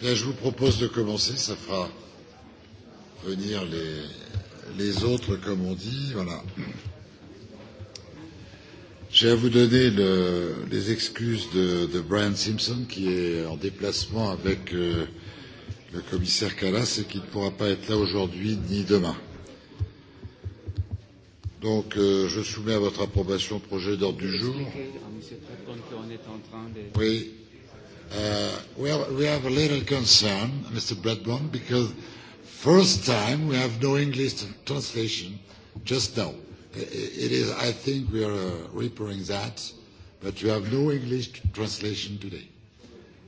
Bien, je vous propose de commencer, ça fera venir les, les autres, comme on dit. Voilà. J'ai à vous donner le, les excuses de, de Brian Simpson, qui est en déplacement avec euh, le commissaire Callas et qui ne pourra pas être là aujourd'hui ni demain. Donc, euh, je soumets à votre approbation le projet d'ordre du jour. Euh, oui, Uh, we, have, we have a little concern, Mr. Bradburn, because first time we have no English translation just now. It, it is, I think we are uh, repairing that, but you have no English translation today.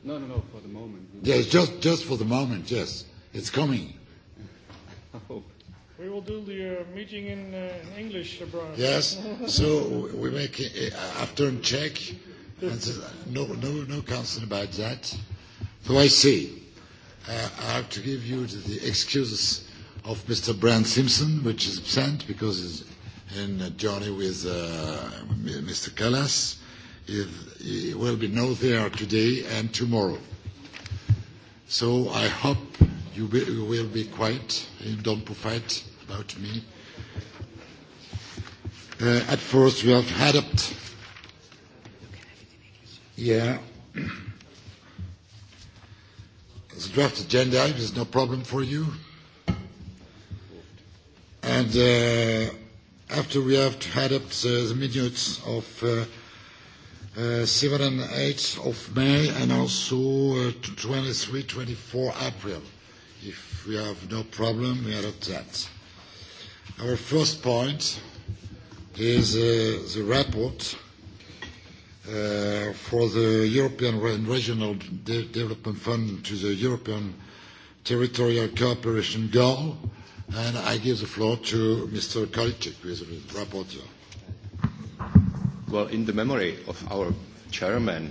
No, no, no, for the moment. Yes, just, just for the moment, yes. It's coming. oh. We will do the uh, meeting in, uh, in English, uh, Brian. Yes, so we make, uh, after a check, no, no, no counsel about that. So I say, uh, I have to give you the excuses of Mr. Brand Simpson, which is absent because he's in a journey with uh, Mr. Callas. He, he will be no there today and tomorrow. So I hope you, be, you will be quiet and don't profit about me. Uh, at first, we have had up Yeah. It's a draft agenda. There's no problem for you. And uh, after we have had up the, the minutes of uh, uh, 7 and 8 of May and also uh, 23, 24 April, if we have no problem, we adopt that. Our first point is uh, the report uh, for the European and Regional De Development Fund to the European Territorial Cooperation Goal. And I give the floor to Mr. Kaltic, who is the rapporteur. Well, in the memory of our chairman,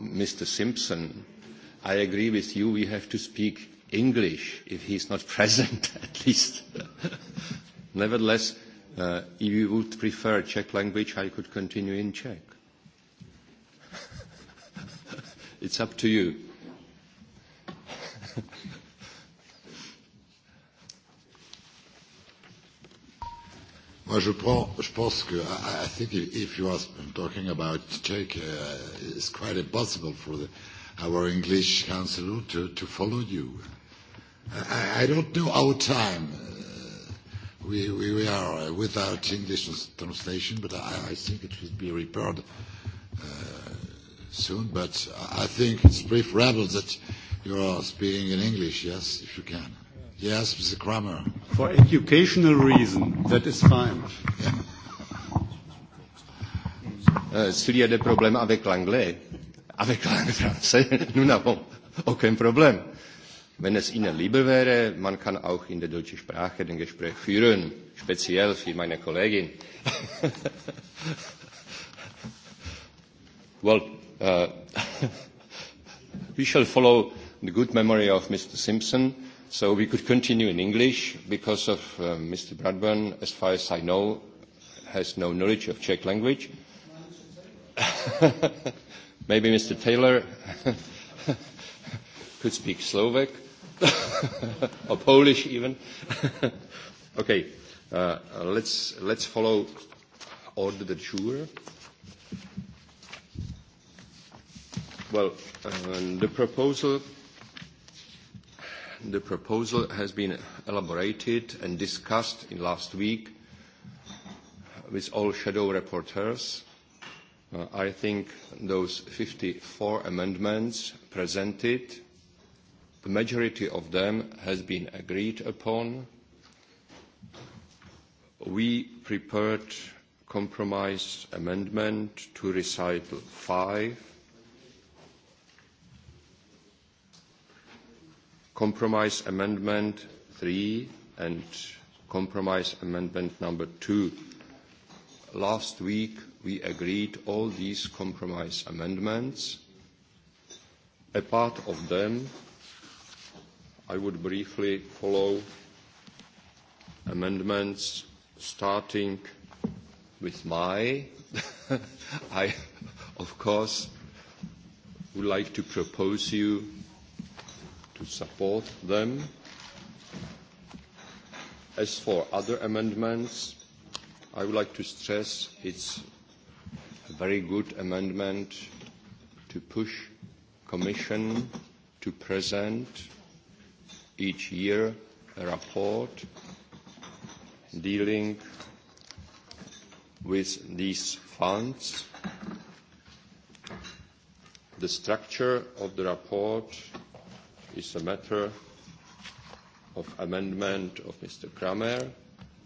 Mr. Simpson, I agree with you, we have to speak English if he's not present, at least. Nevertheless, uh, if you would prefer Czech language, I could continue in Czech. It's up to you. Well, je, prends, je pense que I, I think if you are talking about Czech, uh, it's quite impossible for the, our English council to, to follow you. I, I don't know our time. Uh, we, we, we are without English translation, but I, I think it should be repaired. Uh, soon, but I think it's preferable that you are speaking in English, yes, if you can. Yes, Mr. Kramer. For educational reason, that is fine. Euh, s'il y a des problèmes avec l'anglais, avec langue français, nous n'avons aucun problème. Wenn es Ihnen lieber wäre, man kann auch in der deutschen Sprache den Gespräch führen, speziell für meine Kollegin. well, Uh, we shall follow the good memory of Mr. Simpson, so we could continue in English because of uh, Mr. Bradburn, as far as I know, has no knowledge of Czech language. Maybe Mr. Taylor could speak Slovak or Polish even. okay, uh, let's, let's follow order de jour. Well, um, the proposal the proposal has been elaborated and discussed in last week with all shadow rapporteurs. Uh, I think those 54 amendments presented, the majority of them has been agreed upon. We prepared compromise amendment to recital 5 compromise amendment 3 and compromise amendment number 2. Last week, we agreed all these compromise amendments. A part of them I would briefly follow amendments starting with my. I, of course, would like to propose you to support them. As for other amendments, I would like to stress it's a very good amendment to push Commission to present each year a report dealing with these funds. The structure of the report is a matter of amendment of Mr. Kramer.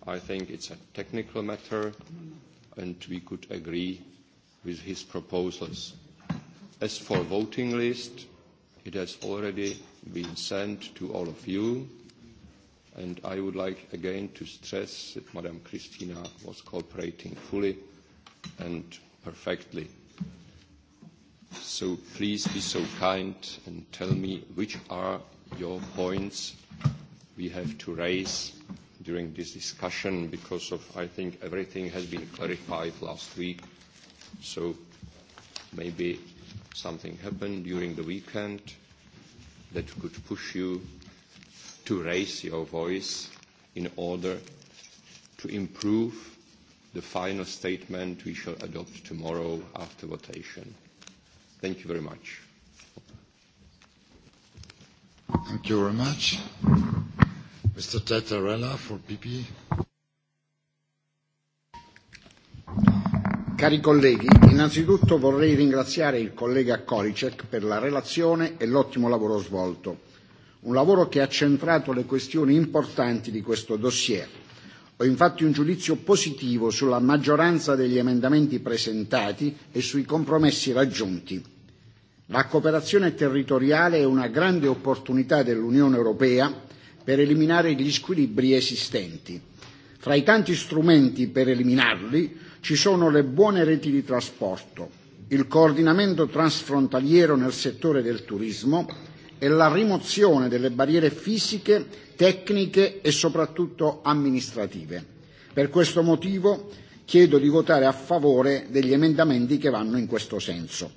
I think it's a technical matter, and we could agree with his proposals. As for voting list, it has already been sent to all of you, and I would like again to stress that Madam Christina was cooperating fully and perfectly. So please be so kind and tell me which are your points we have to raise during this discussion because of, I think, everything has been clarified last week. So maybe something happened during the weekend that could push you to raise your voice in order to improve the final statement we shall adopt tomorrow after votation. Thank you very much. Thank you very much. Mr. Tattarella for PP. Cari colleghi, innanzitutto vorrei ringraziare il collega Koricek per la relazione e l'ottimo lavoro svolto. Un lavoro che ha centrato le questioni importanti di questo dossier Ho infatti un giudizio positivo sulla maggioranza degli emendamenti presentati e sui compromessi raggiunti. La cooperazione territoriale è una grande opportunità dell'Unione europea per eliminare gli squilibri esistenti. Fra i tanti strumenti per eliminarli ci sono le buone reti di trasporto, il coordinamento transfrontaliero nel settore del turismo, e la rimozione delle barriere fisiche, tecniche e soprattutto amministrative. Per questo motivo chiedo di votare a favore degli emendamenti che vanno in questo senso.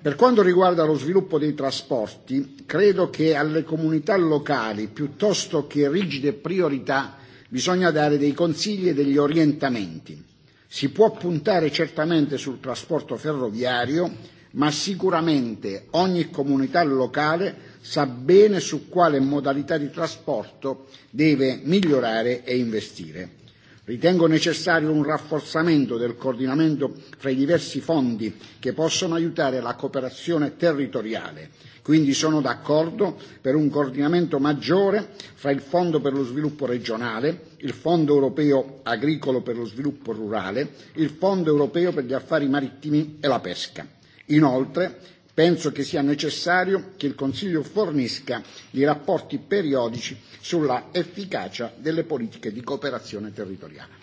Per quanto riguarda lo sviluppo dei trasporti, credo che alle comunità locali, piuttosto che rigide priorità, bisogna dare dei consigli e degli orientamenti. Si può puntare certamente sul trasporto ferroviario, ma sicuramente ogni comunità locale sa bene su quale modalità di trasporto deve migliorare e investire. Ritengo necessario un rafforzamento del coordinamento fra i diversi fondi che possono aiutare la cooperazione territoriale. Quindi sono d'accordo per un coordinamento maggiore fra il Fondo per lo sviluppo regionale, il Fondo europeo agricolo per lo sviluppo rurale, il Fondo europeo per gli affari marittimi e la pesca. Inoltre, penso che sia necessario che il Consiglio fornisca i rapporti periodici sulla efficacia delle politiche di cooperazione territoriale.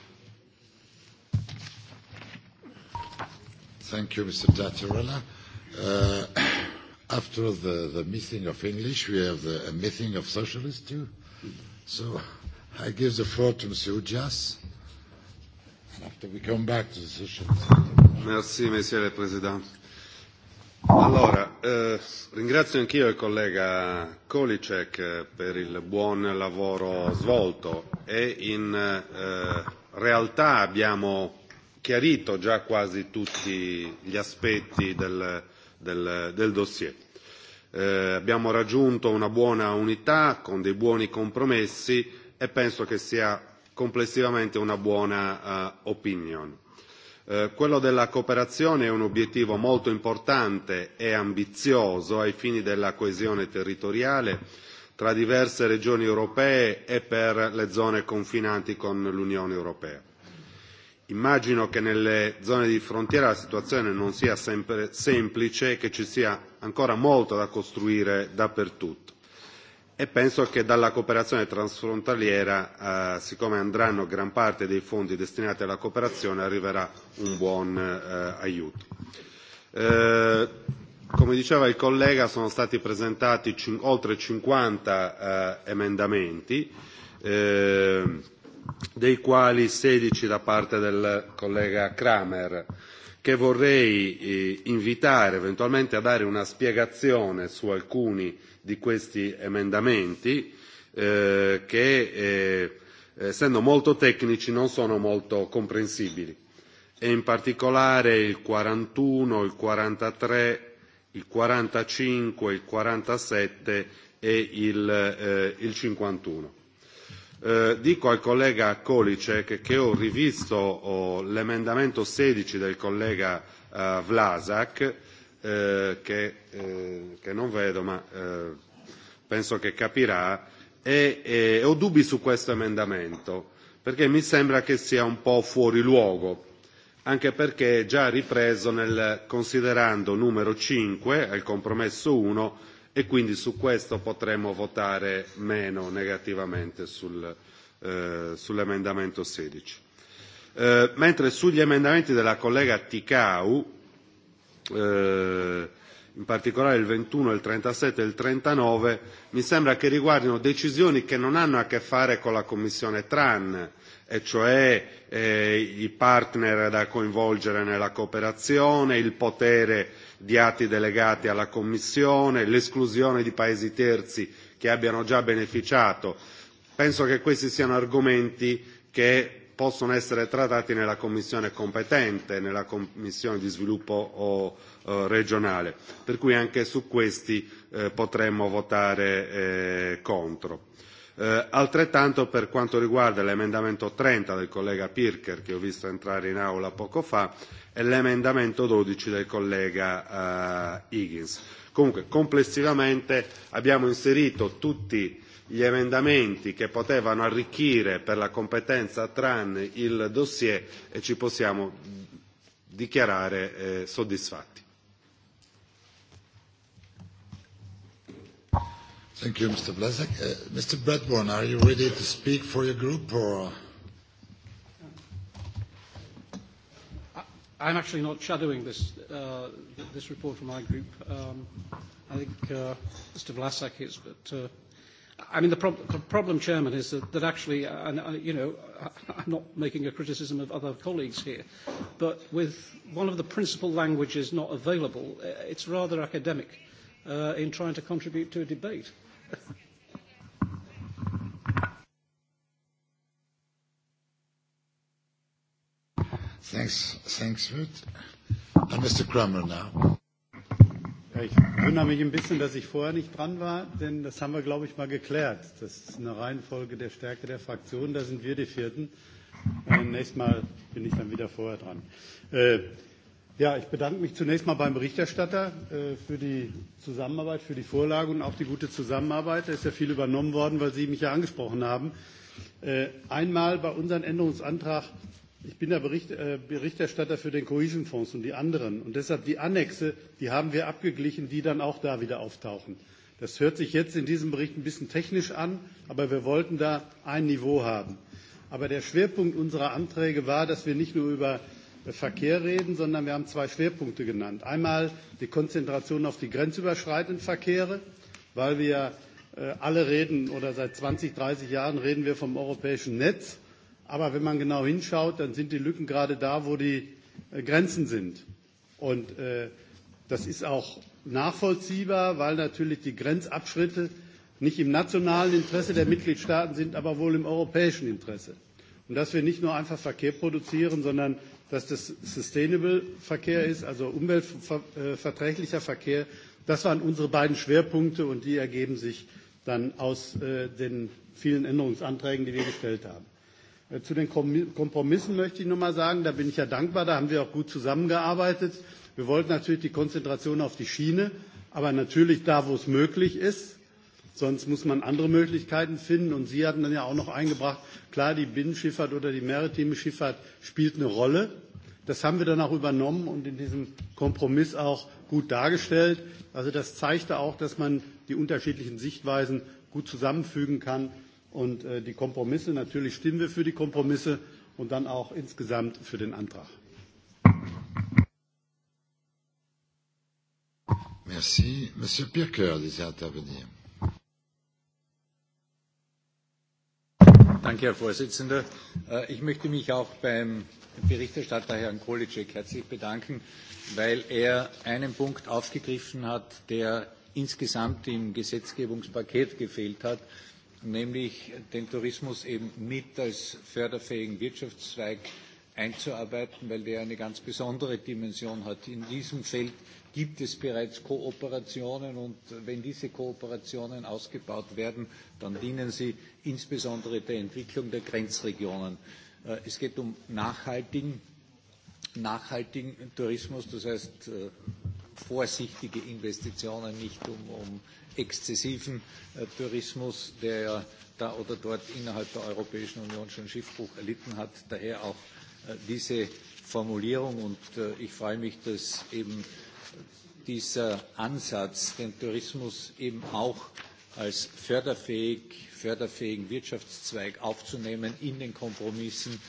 Thank you, Mr. Dazzarella. Uh, after the, the meeting of English, we have the, a meeting of socialists too. So I give the floor to Monsieur Ujas. After we come back to the socialists. Merci, Monsieur le Président. Allora, eh, ringrazio anch'io il collega Kolicek eh, per il buon lavoro svolto e in eh, realtà abbiamo chiarito già quasi tutti gli aspetti del, del, del dossier. Eh, abbiamo raggiunto una buona unità con dei buoni compromessi e penso che sia complessivamente una buona eh, opinion. Eh, quello della cooperazione è un obiettivo molto importante e ambizioso ai fini della coesione territoriale tra diverse regioni europee e per le zone confinanti con l'Unione europea. Immagino che nelle zone di frontiera la situazione non sia sempre semplice e che ci sia ancora molto da costruire dappertutto e penso che dalla cooperazione transfrontaliera, eh, siccome andranno gran parte dei fondi destinati alla cooperazione, arriverà un buon eh, aiuto. Eh, come diceva il collega, sono stati presentati cin- oltre 50 eh, emendamenti, eh, dei quali 16 da parte del collega Kramer. Eh, che vorrei eh, invitare eventualmente a dare una spiegazione su alcuni di questi emendamenti eh, che, eh, essendo molto tecnici, non sono molto comprensibili e in particolare il 41, il 43, il 45, il 47 e il, eh, il 51. Eh, dico al collega Kolicek che ho rivisto oh, l'emendamento 16 del collega eh, Vlasak, eh, che, eh, che non vedo ma eh, penso che capirà, e eh, ho dubbi su questo emendamento, perché mi sembra che sia un po' fuori luogo, anche perché è già ripreso nel considerando numero 5, al compromesso 1, e quindi su questo potremo votare meno negativamente sul, eh, sull'emendamento 16. Eh, mentre sugli emendamenti della collega Ticau, eh, in particolare il 21, il 37 e il 39, mi sembra che riguardino decisioni che non hanno a che fare con la Commissione TRAN, e cioè eh, i partner da coinvolgere nella cooperazione, il potere eh, di atti delegati alla Commissione, l'esclusione di paesi terzi che abbiano già beneficiato. Penso che questi siano argomenti che possono essere trattati nella Commissione competente, nella Commissione di sviluppo o, eh, regionale, per cui anche su questi eh, potremmo votare eh, contro. Eh, altrettanto per quanto riguarda l'emendamento 30 del collega Pirker, che ho visto entrare in aula poco fa, e l'emendamento 12 del collega eh, Higgins. Comunque, complessivamente abbiamo inserito tutti gli emendamenti che potevano arricchire per la competenza TRAN il dossier e ci possiamo dichiarare eh, soddisfatti. Thank you, Mr. Blazek. Uh, Mr. Bradbourne, are you ready to speak for your group or? I'm actually not shadowing this, uh, this report for my group. Um, I think uh, Mr. Vlasak is, but uh, I mean, the, prob- the problem, Chairman, is that, that actually, and, uh, you know, I, I'm not making a criticism of other colleagues here, but with one of the principal languages not available, uh, it's rather academic uh, in trying to contribute to a debate. Uh, Thanks. Thanks, Ruud. And Mr. Kramer now. Ja, ich wundere mich ein bisschen, dass ich vorher nicht dran war, denn das haben wir, glaube ich, mal geklärt. Das ist eine Reihenfolge der Stärke der Fraktion, da sind wir die Vierten. Äh, nächstes Mal bin ich dann wieder vorher dran. Äh, Ja, ich bedanke mich zunächst mal beim Berichterstatter äh, für die Zusammenarbeit, für die Vorlage und auch die gute Zusammenarbeit. Da ist ja viel übernommen worden, weil Sie mich ja angesprochen haben. Äh, einmal bei unserem Änderungsantrag, ich bin der Bericht, äh, Berichterstatter für den Cohesion-Fonds und die anderen. Und deshalb die Annexe, die haben wir abgeglichen, die dann auch da wieder auftauchen. Das hört sich jetzt in diesem Bericht ein bisschen technisch an, aber wir wollten da ein Niveau haben. Aber der Schwerpunkt unserer Anträge war, dass wir nicht nur über äh, Äh, Verkehr reden, sondern wir haben zwei Schwerpunkte genannt. Einmal die Konzentration auf die grenzüberschreitenden Verkehre, weil wir äh, alle reden oder seit 20, 30 Jahren reden wir vom europäischen Netz. Aber wenn man genau hinschaut, dann sind die Lücken gerade da, wo die äh, Grenzen sind. Und äh, das ist auch nachvollziehbar, weil natürlich die Grenzabschritte nicht im nationalen Interesse der Mitgliedstaaten sind, aber wohl im europäischen Interesse. Und dass wir nicht nur einfach Verkehr produzieren, sondern dass das Sustainable Verkehr ist, also umweltverträglicher Verkehr. Das waren unsere beiden Schwerpunkte und die ergeben sich dann aus äh, den vielen Änderungsanträgen, die wir gestellt haben. Äh, zu den Kompromissen möchte ich nochmal sagen, da bin ich ja dankbar, da haben wir auch gut zusammengearbeitet. Wir wollten natürlich die Konzentration auf die Schiene, aber natürlich da, wo es möglich ist, Sonst muss man andere Möglichkeiten finden. Und Sie hatten dann ja auch noch eingebracht, klar, die Binnenschifffahrt oder die maritime Schifffahrt spielt eine Rolle. Das haben wir dann auch übernommen und in diesem Kompromiss auch gut dargestellt. Also das zeigte auch, dass man die unterschiedlichen Sichtweisen gut zusammenfügen kann. Und äh, die Kompromisse, natürlich stimmen wir für die Kompromisse und dann auch insgesamt für den Antrag. Merci. Monsieur Pirker, désire intervenir. Danke, Herr Vorsitzender. Äh, ich möchte mich auch beim Berichterstatter Herrn Kolicek herzlich bedanken, weil er einen Punkt aufgegriffen hat, der insgesamt im Gesetzgebungspaket gefehlt hat, nämlich den Tourismus eben mit als förderfähigen Wirtschaftszweig einzuarbeiten, weil der eine ganz besondere Dimension hat. In diesem Feld gibt es bereits Kooperationen und wenn diese Kooperationen ausgebaut werden, dann dienen sie insbesondere der Entwicklung der Grenzregionen. Äh, es geht um nachhaltigen, nachhaltigen Tourismus, das heißt äh, vorsichtige Investitionen, nicht um, um exzessiven äh, Tourismus, der ja da oder dort innerhalb der Europäischen Union schon Schiffbruch erlitten hat. Daher auch äh, diese Formulierung. Und äh, ich freue mich, dass eben dieser Ansatz, den Tourismus eben auch als förderfähig, förderfähigen Wirtschaftszweig aufzunehmen, in den Kompromissen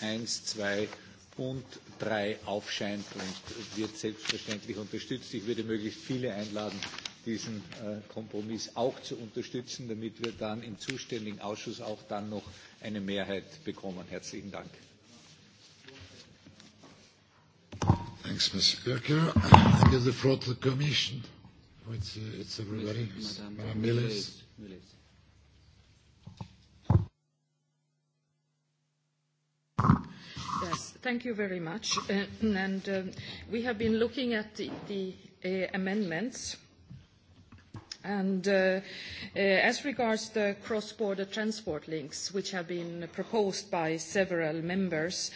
1, 2 und 3 aufscheint und wird selbstverständlich unterstützt. Ich würde möglichst viele einladen, diesen äh, Kompromiss auch zu unterstützen, damit wir dann im zuständigen Ausschuss auch dann noch eine Mehrheit bekommen. Herzlichen Dank. Thanks, Ms. Kirker. I give the floor to the Commission. Oh, it's, uh, it's everybody. Madame, Madame Millis. Millis. Yes, thank you very much. Uh, and uh, we have been looking at the, the uh, amendments. Uh, And uh, uh, as regards the cross-border transport links, which have been proposed by several members,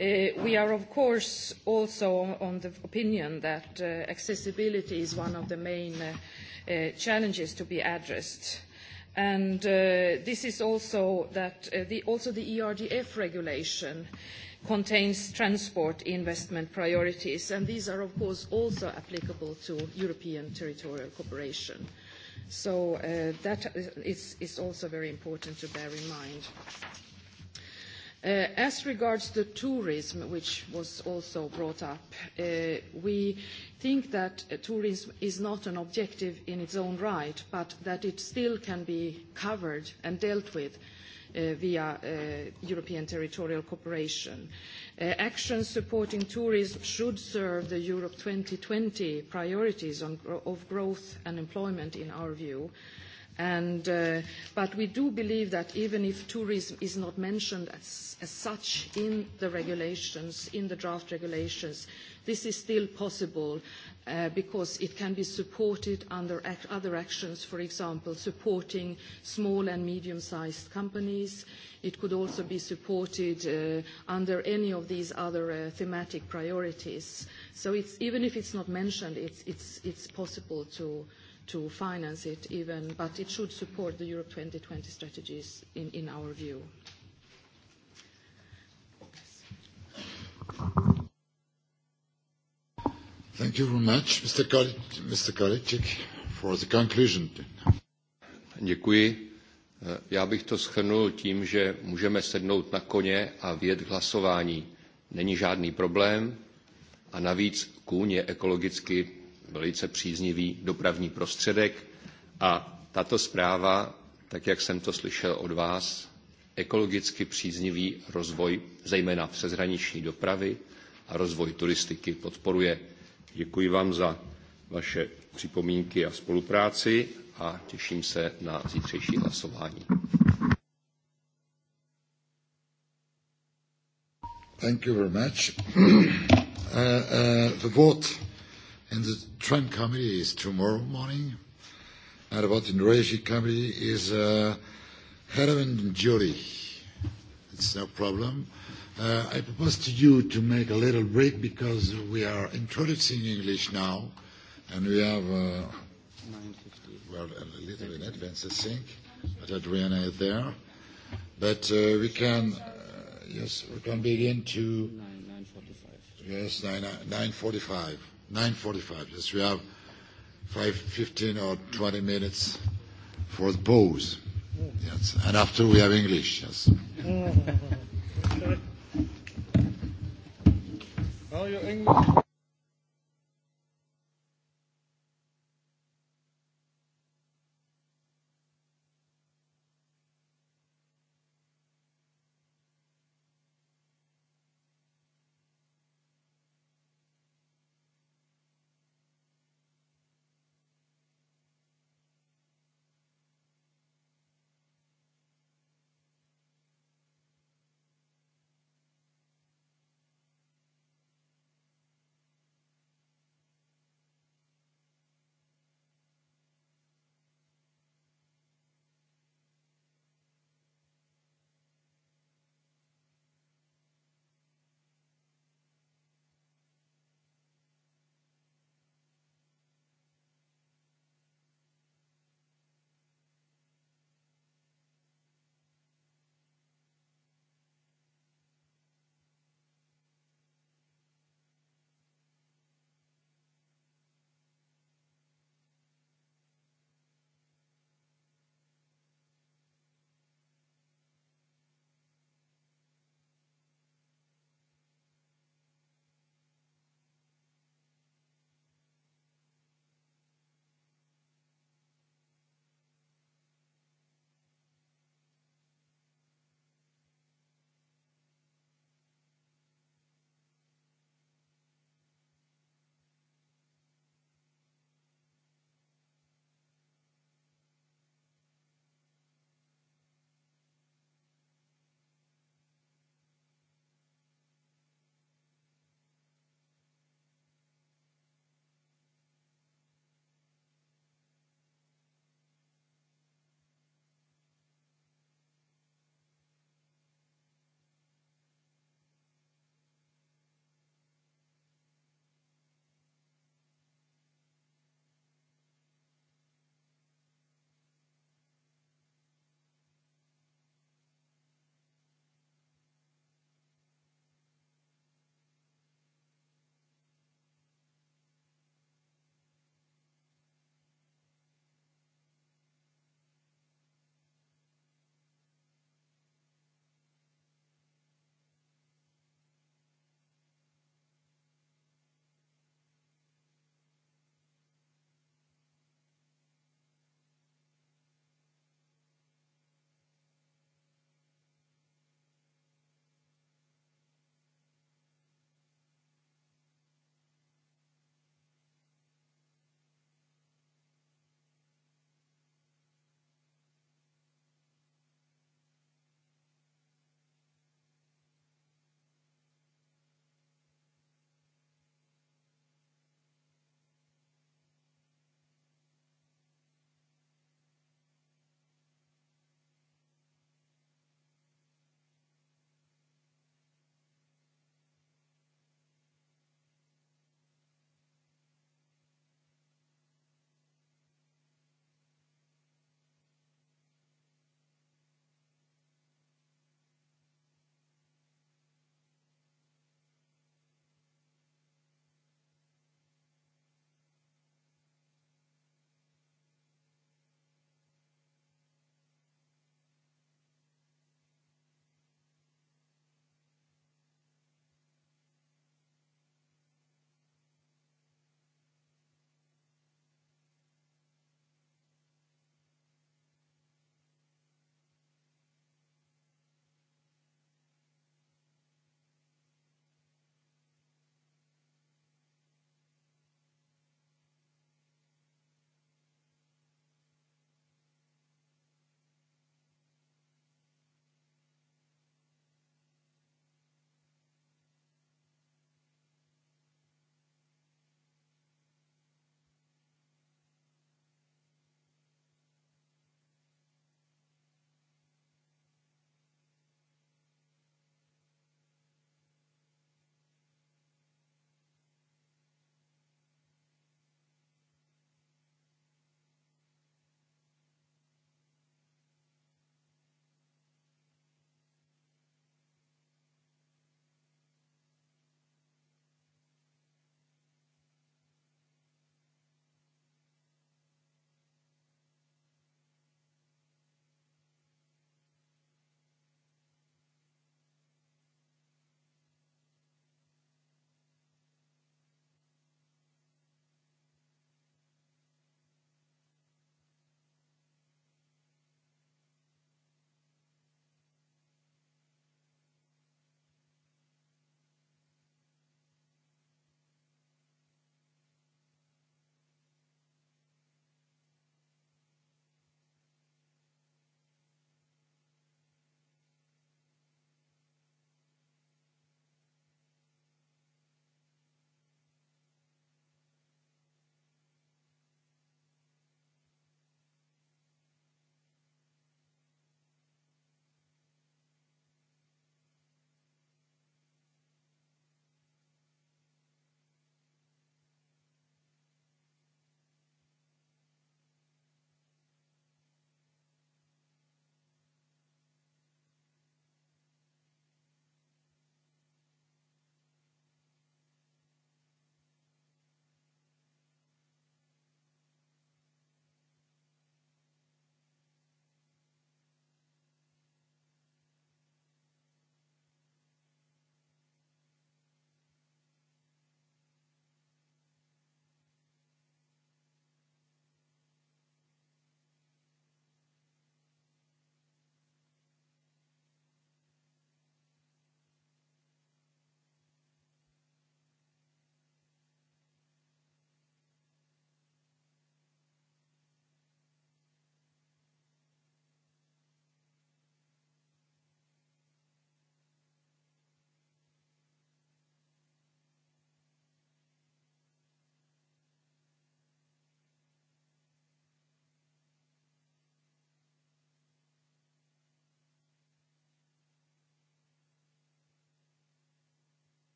uh, we are of course also on the opinion that uh, accessibility is one of the main uh, uh, challenges to be addressed. And uh, this is also that uh, the, also the ERDF regulation contains transport investment priorities, and these are of course also applicable to European territorial cooperation. Uh, So uh, that is, is also very important to bear in mind. Uh, as regards to tourism, which was also brought up, uh, we think that uh, tourism is not an objective in its own right, but that it still can be covered and dealt with uh, via uh, European territorial cooperation. Uh, actions supporting tourism should serve the Europe 2020 priorities on, of growth and employment in our view. Uh, And, uh, but we do believe that even if tourism is not mentioned as, as such in the regulations, in the draft regulations, this is still possible uh, because it can be supported under ac other actions, for example, supporting small and medium-sized companies. It could also be supported uh, under any of these other uh, thematic priorities. So it's, even if it's not mentioned, it's, it's, it's possible to, uh, to finance it even, but it should support the Europe 2020 strategies in, in our view. Thank you very much, Mr. Kolicek, for the conclusion. Děkuji. Já bych to schrnul tím, že můžeme sednout na koně a vjet k hlasování. Není žádný problém a navíc kůň je ekologicky velice příznivý dopravní prostředek a tato zpráva, tak jak jsem to slyšel od vás, ekologicky příznivý rozvoj zejména přeshraniční dopravy a rozvoj turistiky podporuje. Děkuji vám za vaše připomínky a spolupráci a těším se na zítřejší hlasování. Thank you very much. Uh, uh, the vote and the Trump committee is tomorrow morning, and about in Regi committee is uh, Helen Jury. It's no problem. Uh, I propose to you to make a little break because we are introducing English now, and we have uh, well a little in advance, I think, but Adriana is there. But uh, we can uh, yes, we can begin to 9, 9:45. Yes, 9, 9:45. 9.45. Yes, we have 5, 15 or 20 minutes for both. Yes, and after we have English. Yes. okay. Are you English?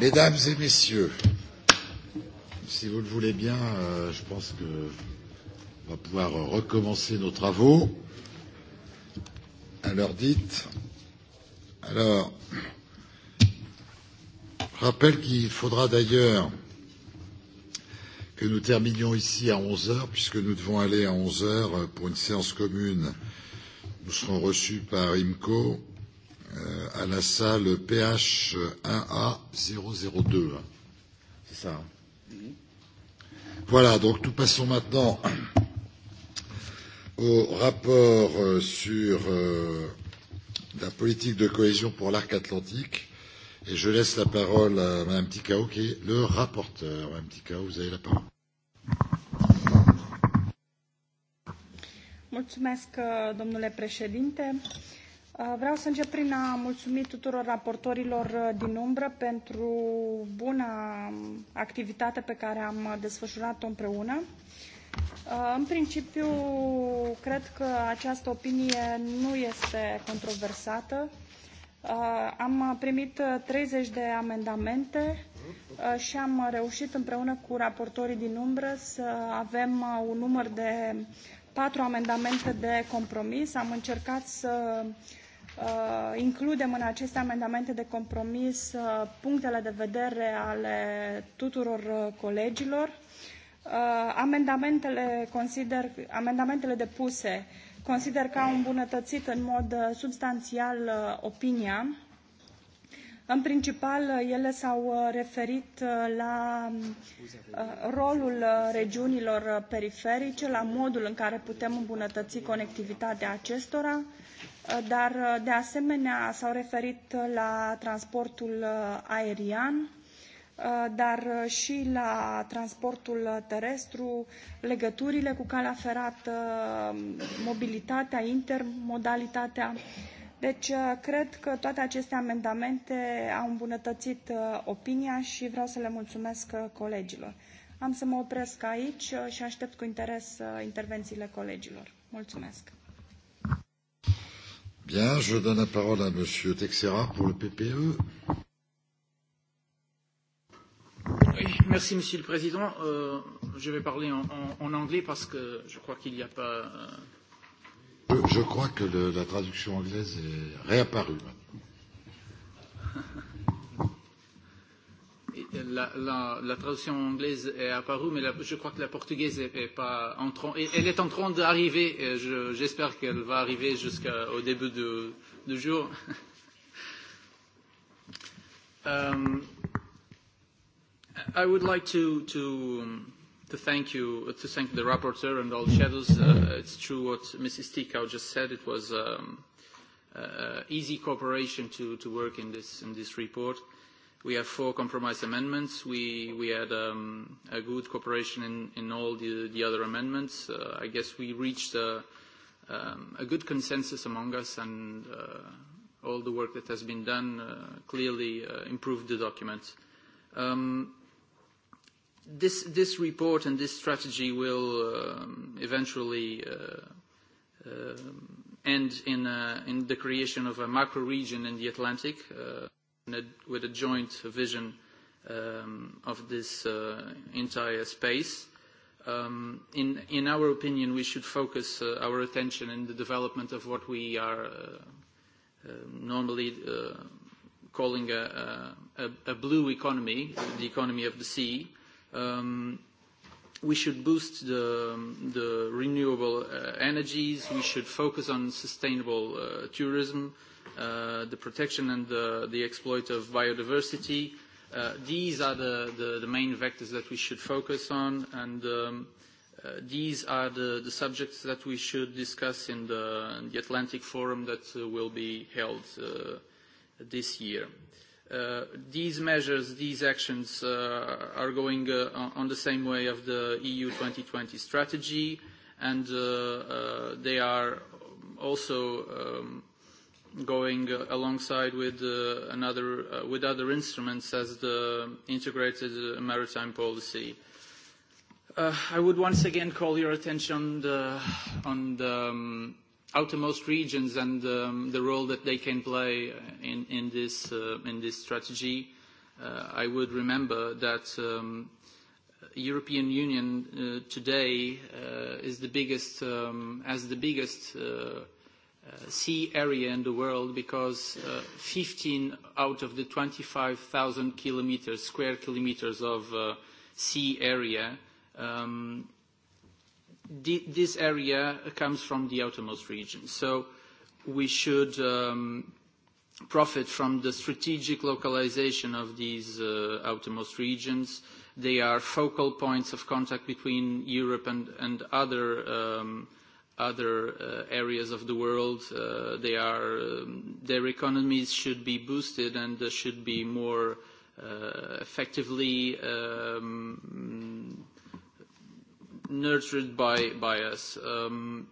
Mesdames et messieurs, si vous le voulez bien, euh, je pense que on va pouvoir recommencer nos travaux à l'heure dite. Alors, je rappelle qu'il faudra d'ailleurs que nous terminions ici à 11 heures, puisque nous devons aller à 11 heures pour une séance commune. Nous serons reçus par IMCO euh, à la salle PH1A002. Hein. C'est ça. Hein mmh. Voilà, donc nous passons maintenant au rapport euh, sur euh, la politique de cohésion pour l'arc atlantique. Et je laisse la parole à Mme Ticao, qui est le rapporteur. Mme Ticao, vous avez la parole. Mulțumesc, domnule președinte. Uh, Uh, vreau să încep prin a mulțumi tuturor raportorilor uh, din umbră pentru buna activitate pe care am desfășurat-o împreună. Uh, în principiu, cred că această opinie nu este controversată. Am primit 30 de amendamente și am reușit împreună cu raportorii din umbră să avem un număr de patru amendamente de compromis. Am încercat să uh, Uh, includem în aceste amendamente de compromis uh, punctele de vedere ale tuturor uh, colegilor. Amendamentele, consider, amendamentele depuse consider că au îmbunătățit în mod substanțial opinia. În principal, ele s-au referit la rolul regiunilor periferice, la modul în care putem îmbunătăți conectivitatea acestora, uh, Uh, dar uh, de asemenea s-au referit la transportul uh, aerian, dar și la transportul terestru, legăturile cu calea ferată, mobilitatea, intermodalitatea. Deci, cred că toate aceste amendamente au îmbunătățit opinia și vreau să le mulțumesc colegilor. Am să mă opresc aici și aștept cu interes intervențiile colegilor. Mulțumesc! Bien, je donne la parole à Monsieur Texera pour le PPE. Oui, merci Monsieur le Président. Euh, je vais parler en, en, en anglais parce que je crois qu'il n'y a pas. Euh... Je, je crois que le, la traduction anglaise est réapparue maintenant. la, la, la traduction anglaise est apparue, mais la, je crois que la portugaise est, est pas en train, elle est en train d'arriver. J'espère je, qu'elle va arriver jusqu'au début du, du jour. um, I would like to, to, um, to thank you, to thank the rapporteur and all shadows. Uh, it's true what Mrs. Tikau just said. It was um, uh, easy cooperation to, to work in this, in this report. Uh, We have four compromise amendments. We, we had um, a good cooperation in, in all the, the other amendments. Uh, I guess we reached a, um, a good consensus among us, and uh, all the work that has been done uh, clearly uh, improved the document. Um, this, this report and this strategy will um, eventually uh, uh, end in, uh, in the creation of a macro region in the Atlantic. Uh, with a joint vision um, of this uh, entire space. Um, in, in our opinion, we should focus uh, our attention in the development of what we are uh, uh, normally uh, calling a, a, a blue economy, the economy of the sea. Um, we should boost the, the renewable uh, energies. We should focus on sustainable uh, tourism. Uh, uh, the protection and the, the exploit of biodiversity. Uh, these are the, the, the main vectors that we should focus on, and um, uh, these are the, the subjects that we should discuss in the, in the Atlantic Forum that uh, will be held uh, this year. Uh, these measures, these actions uh, are going uh, on the same way of the EU 2020 strategy, and uh, uh, they are also um, going uh, alongside with uh, another uh, with other instruments as the integrated uh, maritime policy. Uh, I would once again call your attention on the, on the um, outermost regions and um, the role that they can play in, in, this, uh, in this strategy. Uh, I would remember that um, European Union uh, today uh, is the biggest, um, as the biggest uh, Uh, sea area in the world because uh, 15 out of the 25,000 kilometers, square kilometers of uh, sea area, um, this area comes from the outermost region. So we should um, profit from the strategic localization of these uh, outermost regions. They are focal points of contact between Europe and, and other um, uh, other uh, areas of the world. Uh, they are, um, their economies should be boosted and uh, should be more uh, effectively um, nurtured by, by us. Um,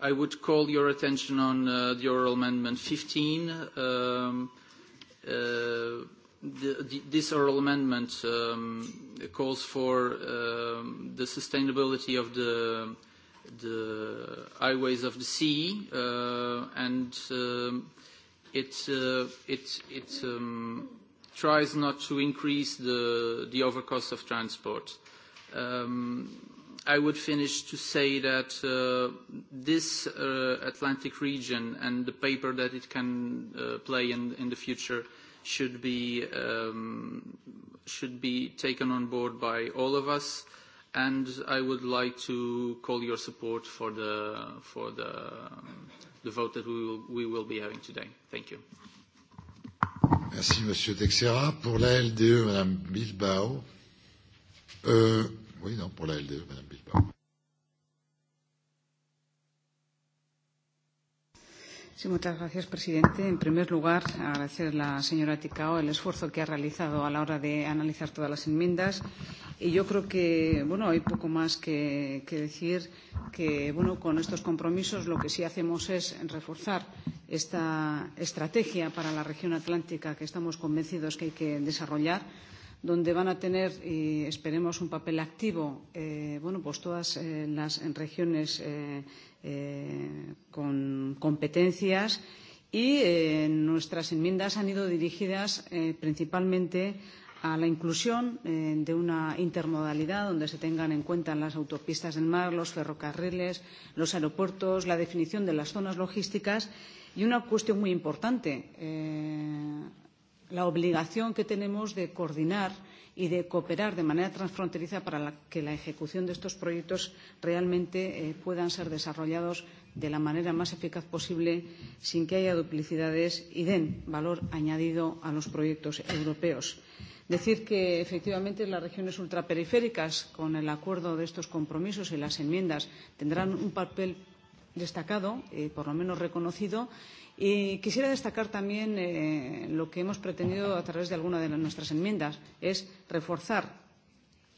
I would call your attention on uh, the oral amendment 15. Um, uh, the, the, this oral amendment um, calls for um, the sustainability of the uh, the highways of the sea, uh, and um, it, uh, it, it um, tries not to increase the, the overcost of transport. Um, I would finish to say that uh, this uh, Atlantic region and the paper that it can uh, play in, in the future should be, um, should be taken on board by all of us. Uh, and I would like to call your support for the, for the, um, the vote that we will, we will be having today. Thank you. Merci, Monsieur Texera. Pour la LDE, Madame Bilbao. Euh, oui, non, pour la LDE, Madame Bilbao. Sí, muchas gracias, presidente. En primer lugar, agradecer a la señora Ticao el esfuerzo que ha realizado a la hora de analizar todas las enmiendas. Y yo creo que, bueno, hay poco más que, que decir que, bueno, con estos compromisos lo que sí hacemos es reforzar esta estrategia para la región atlántica que estamos convencidos que hay que desarrollar donde van a tener, y esperemos, un papel activo eh, bueno, pues todas eh, las regiones eh, eh, con competencias y eh, nuestras enmiendas han ido dirigidas eh, principalmente a la inclusión eh, de una intermodalidad donde se tengan en cuenta las autopistas del mar, los ferrocarriles, los aeropuertos, la definición de las zonas logísticas y una cuestión muy importante, eh, la obligación que tenemos de coordinar y de cooperar de manera transfronteriza para la, que la ejecución de estos proyectos realmente eh, puedan ser desarrollados de la manera más eficaz posible sin que haya duplicidades y den valor añadido a los proyectos europeos. Decir que efectivamente las regiones ultraperiféricas, con el acuerdo de estos compromisos y las enmiendas, tendrán un papel destacado, eh, por lo menos reconocido. Y quisiera destacar también eh, lo que hemos pretendido a través de alguna de nuestras enmiendas, es reforzar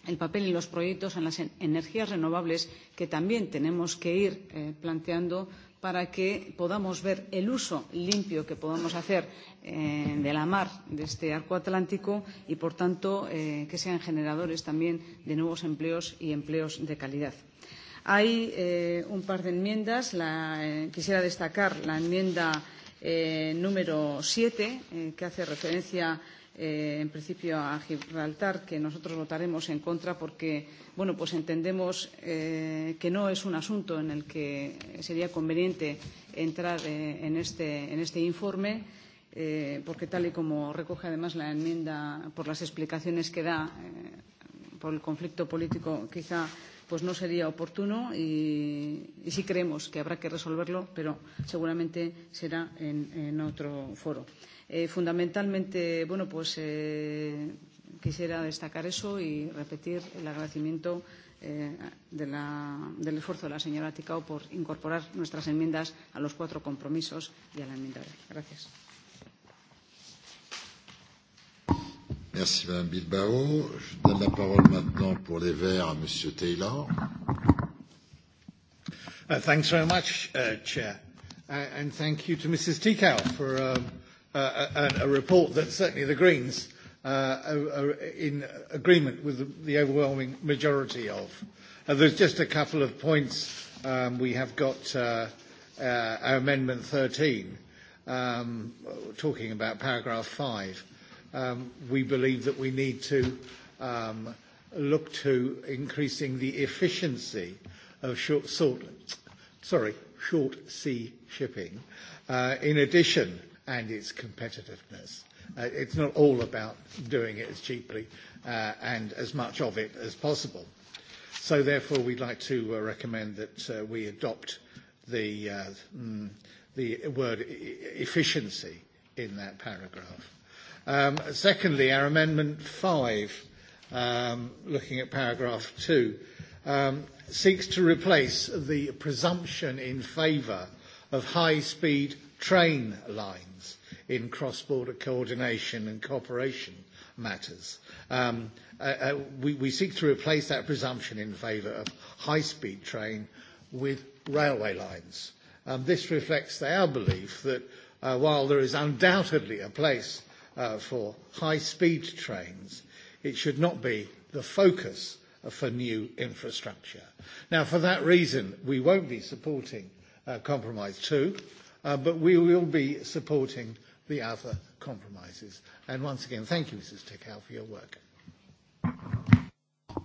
el papel en los proyectos en las energías renovables que también tenemos que ir eh, planteando para que podamos ver el uso limpio que podamos hacer eh, de la mar, de este arco atlántico, y, por tanto, eh, que sean generadores también de nuevos empleos y empleos de calidad. Eh, Hay eh, un par de enmiendas. La, eh, quisiera destacar la enmienda eh, número 7, eh, que hace referencia eh, en principio a Gibraltar, que nosotros votaremos en contra porque bueno, pues entendemos eh, que no es un asunto en el que sería conveniente entrar eh, en, este, en este informe. Eh, porque tal y como recoge además la enmienda por las explicaciones que da eh, por el conflicto político, quizá eh, pues no sería oportuno y, y sí creemos que habrá que resolverlo, pero seguramente será en, en otro foro. Eh, fundamentalmente, bueno, pues eh, quisiera destacar eso y repetir el agradecimiento eh, de la, del esfuerzo de la señora Ticao por incorporar nuestras enmiendas a los cuatro compromisos y a la enmienda. Gracias. Merci Madame Bilbao. Je donne la parole maintenant pour les Verts à Monsieur Taylor. Uh, thanks very much, uh, Chair. Uh, and thank you to Mrs. Tikau for um, uh, uh, a, a report that certainly the Greens uh, are, are in agreement with the overwhelming majority of. Uh, there's just a couple of points. Um, we have got uh, uh, our Amendment 13 um, talking about paragraph 5 um, we believe that we need to um, look to increasing the efficiency of short, sort, sorry, short sea shipping. Uh, in addition, and its competitiveness. Uh, it's not all about doing it as cheaply uh, and as much of it as possible. So therefore, we'd like to uh, recommend that uh, we adopt the, uh, mm, the word e-, e- efficiency in that paragraph. Um, secondly, our amendment five, um, looking at paragraph two, um, seeks to replace the presumption in favour of high-speed train lines in cross-border coordination and cooperation matters. Um, uh, uh, we, we seek to replace that presumption in favour of high-speed train with railway lines. Um, this reflects our belief that uh, while there is undoubtedly a place uh, for high-speed trains. It should not be the focus for new infrastructure. Now, for that reason, we won't be supporting uh, Compromise 2, uh, but we will be supporting the other compromises. And once again, thank you, Mrs. Tickow, for your work.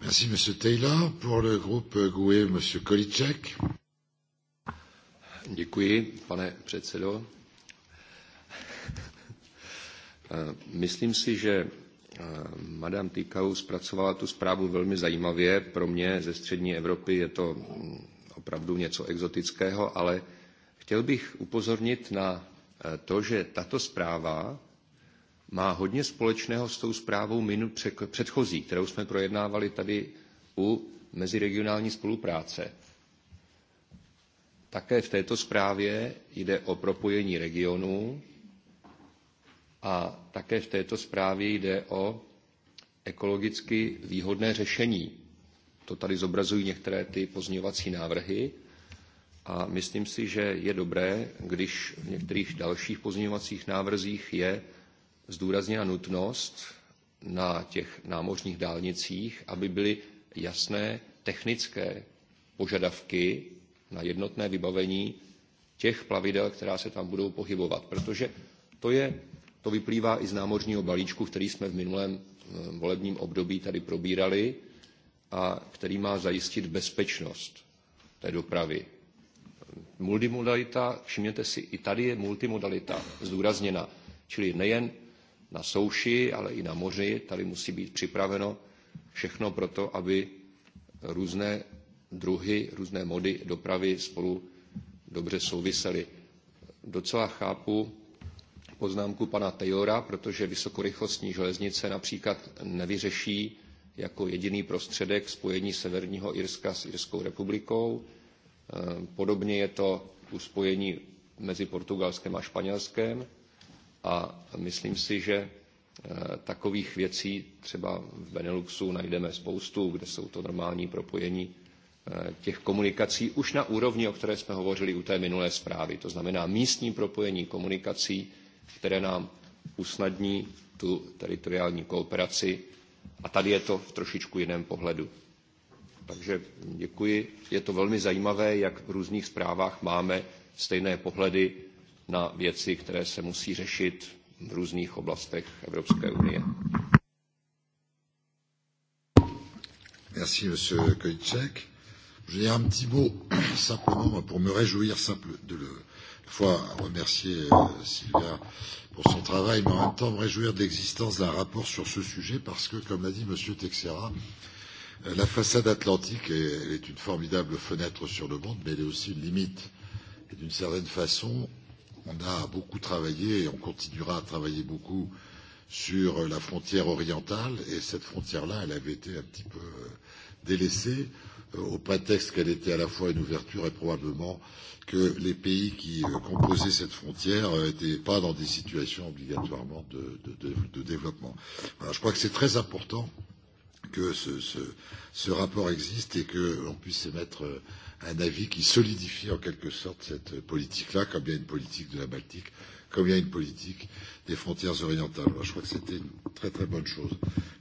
Merci, Monsieur Taylor. Pour le groupe GUE, Monsieur Kolicek. Děkuji, pane předsedo. Eh, myslím si, že eh, Madame Tikau zpracovala tu zprávu velmi zajímavě. Pro mě ze střední Evropy je to mm, opravdu něco exotického, ale chtěl bych upozornit na eh, to, že tato zpráva má hodně společného s tou zprávou minut předchozí, kterou jsme projednávali tady u meziregionální spolupráce. Také v této zprávě jde o propojení regionů, A také v této zprávě jde o ekologicky výhodné řešení. To tady zobrazují některé ty pozměňovací návrhy. A myslím si, že je dobré, když v některých dalších pozměňovacích návrzích je zdůrazněna nutnost na těch námořních dálnicích, aby byly jasné technické požadavky na jednotné vybavení těch plavidel, která se tam budou pohybovat. Protože to je To vyplývá i z námořního balíčku, který jsme v minulém eh, volebním období tady probírali a který má zajistit bezpečnost té dopravy. Multimodalita, všimněte si, i tady je multimodalita zdůrazněna, čili nejen na souši, ale i na moři. Tady musí být připraveno všechno pro to, aby různé druhy, různé mody dopravy spolu dobře souvisely. Docela chápu poznámku pana Taylora, protože vysokorychlostní železnice například nevyřeší jako jediný prostředek spojení Severního Irska s Irskou republikou. Ehm, podobně je to u spojení mezi Portugalskem a Španělskem a myslím si, že ehm, takových věcí třeba v Beneluxu najdeme spoustu, kde jsou to normální propojení ehm, těch komunikací už na úrovni, o které jsme hovořili u té minulé zprávy. To znamená místní propojení komunikací které nám usnadní tu teritoriální kooperaci. A tady je to v trošičku jiném pohledu. Takže děkuji. Je to velmi zajímavé, jak v různých zprávách máme stejné pohledy na věci, které se musí řešit v různých oblastech Evropské unie. Merci, Monsieur Kojček. Je un petit mot simplement pour me réjouir simple de le, fois à remercier euh, Sylvia pour son travail, mais en même temps me réjouir de l'existence d'un rapport sur ce sujet parce que, comme l'a dit Monsieur Texera, euh, la façade atlantique est, elle est une formidable fenêtre sur le monde, mais elle est aussi une limite. Et d'une certaine façon, on a beaucoup travaillé et on continuera à travailler beaucoup sur la frontière orientale, et cette frontière-là, elle avait été un petit peu euh, délaissée. Euh, au prétexte qu'elle était à la fois une ouverture et probablement que les pays qui euh, composaient cette frontière n'étaient euh, pas dans des situations obligatoirement de, de, de, de développement. Alors, je crois que c'est très important que ce, ce, ce rapport existe et qu'on puisse émettre euh, un avis qui solidifie en quelque sorte cette politique-là, comme il y a une politique de la Baltique, comme il y a une politique des frontières orientales. Alors, je crois que c'était une très très bonne chose.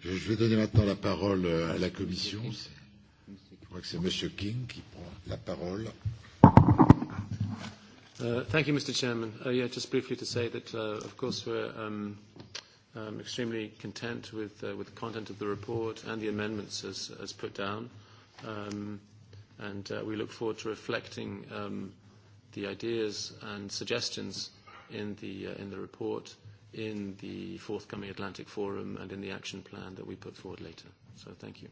Je, je vais donner maintenant la parole euh, à la Commission. Merci crois que c'est Monsieur King qui prend la parole. Uh, thank you, Mr. Chairman. Uh, yeah, just briefly to say that, uh, of course, we're um, um, extremely content with, uh, with the content of the report and the amendments as, as put down. Um, and uh, we look forward to reflecting um, the ideas and suggestions in the, uh, in the report, in the forthcoming Atlantic Forum, and in the action plan that we put forward later. So thank you.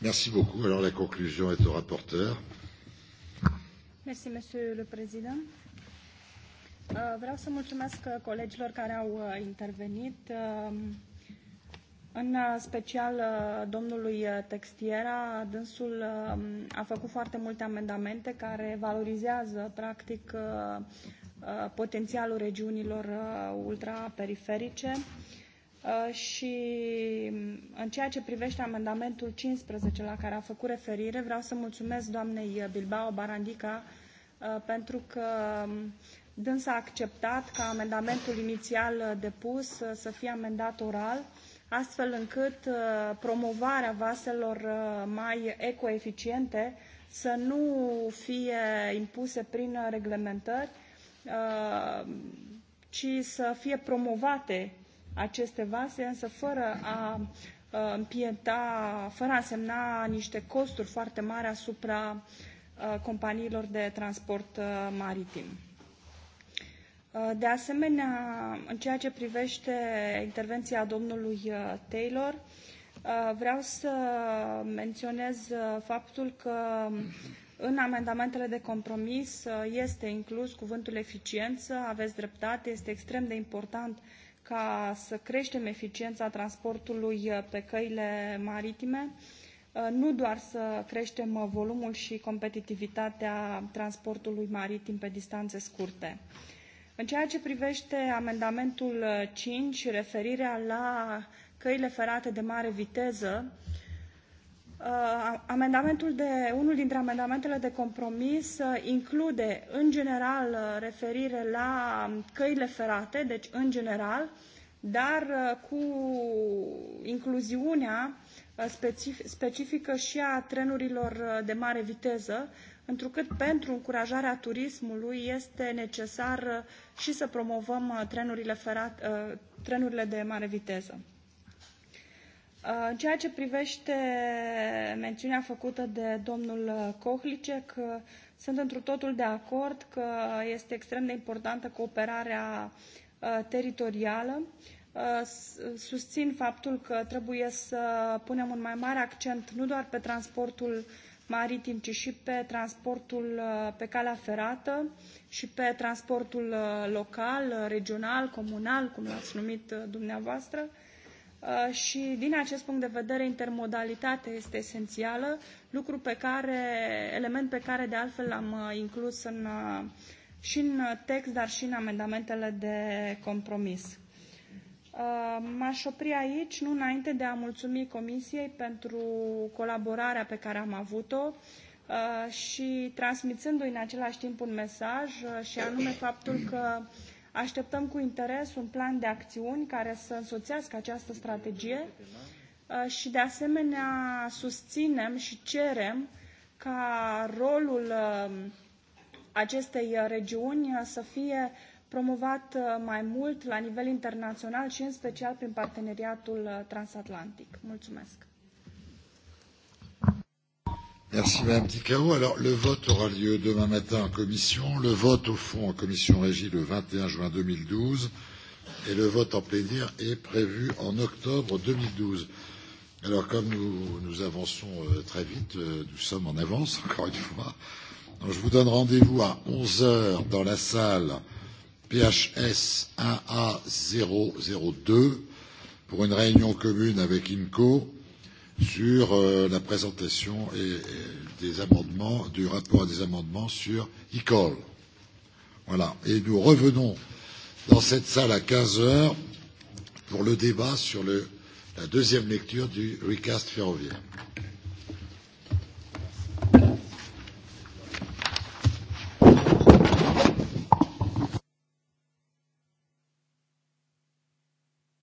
Merci beaucoup. Alors la conclusion est au rapporteur. Merci, Monsieur le Président. Euh, vreau să mulțumesc uh, colegilor care au uh, intervenit, uh, în special domnului Textiera. Dânsul um, a făcut foarte multe amendamente care valorizează, practic, potențialul regiunilor ultraperiferice. periferice Uh, și mm, în ceea ce privește amendamentul 15 la care a făcut referire, vreau să mulțumesc doamnei uh, Bilbao Barandica uh, pentru că mm, dânsa a acceptat ca amendamentul inițial depus să fie amendat oral, astfel încât promovarea vaselor mai ecoeficiente să nu fie impuse prin reglementări, ci să fie promovate aceste vase, însă fără a împieta, fără a însemna niște costuri foarte mari asupra companiilor de transport maritim. De asemenea, în ceea ce privește intervenția domnului Taylor, vreau să menționez faptul că în amendamentele de compromis este inclus cuvântul eficiență, aveți dreptate, este extrem de important ca să creștem eficiența transportului uh, pe căile maritime, uh, nu doar să creștem uh, volumul și competitivitatea transportului maritim pe distanțe scurte. În ceea ce privește amendamentul 5, referirea la căile ferate de mare viteză, Uh, amendamentul de, unul dintre amendamentele de compromis uh, include, în general, uh, referire la căile ferate, deci în general, dar cu incluziunea specific, specifică și a trenurilor de mare viteză, întrucât pentru încurajarea turismului este necesar și să promovăm trenurile, ferat, trenurile de mare viteză. În ceea ce privește mențiunea făcută de domnul Kohlicek, sunt întru totul de acord că este extrem de importantă cooperarea uh, teritorială. Uh, susțin faptul că trebuie să punem un mai mare accent nu doar pe transportul maritim, ci și pe transportul uh, pe calea ferată și pe transportul local, regional, comunal, cum l-ați numit dumneavoastră. Uh, Uh, și din acest punct de vedere intermodalitatea este esențială, lucru pe care, element pe care de altfel l-am uh, inclus în, uh, și în text, dar și în amendamentele de compromis. M-aș opri aici, nu înainte de a mulțumi Comisiei pentru colaborarea pe care am avut-o și transmițându-i în același timp un mesaj și anume faptul că uh, Așteptăm cu interes un plan de acțiuni care să însoțească această strategie uh, și, de asemenea, susținem și cerem ca rolul uh, acestei regiuni uh, să fie promovat mai mult la nivel internațional și în special prin parteneriatul transatlantic. Mulțumesc! Merci Madame Ticao. Alors le vote aura lieu demain matin en commission, le vote au fond en commission régie le 21 juin 2012 et le vote en plénière est prévu en octobre 2012. Alors comme nous, nous avançons euh, très vite, euh, nous sommes en avance encore une fois. Donc, je vous donne rendez-vous à 11h dans la salle PHS 1A002 pour une réunion commune avec INCO sur euh, la présentation et, et des amendements, du rapport des amendements sur e-call. Voilà. Et nous revenons dans cette salle à 15 heures pour le débat sur le, la deuxième lecture du recast ferroviaire.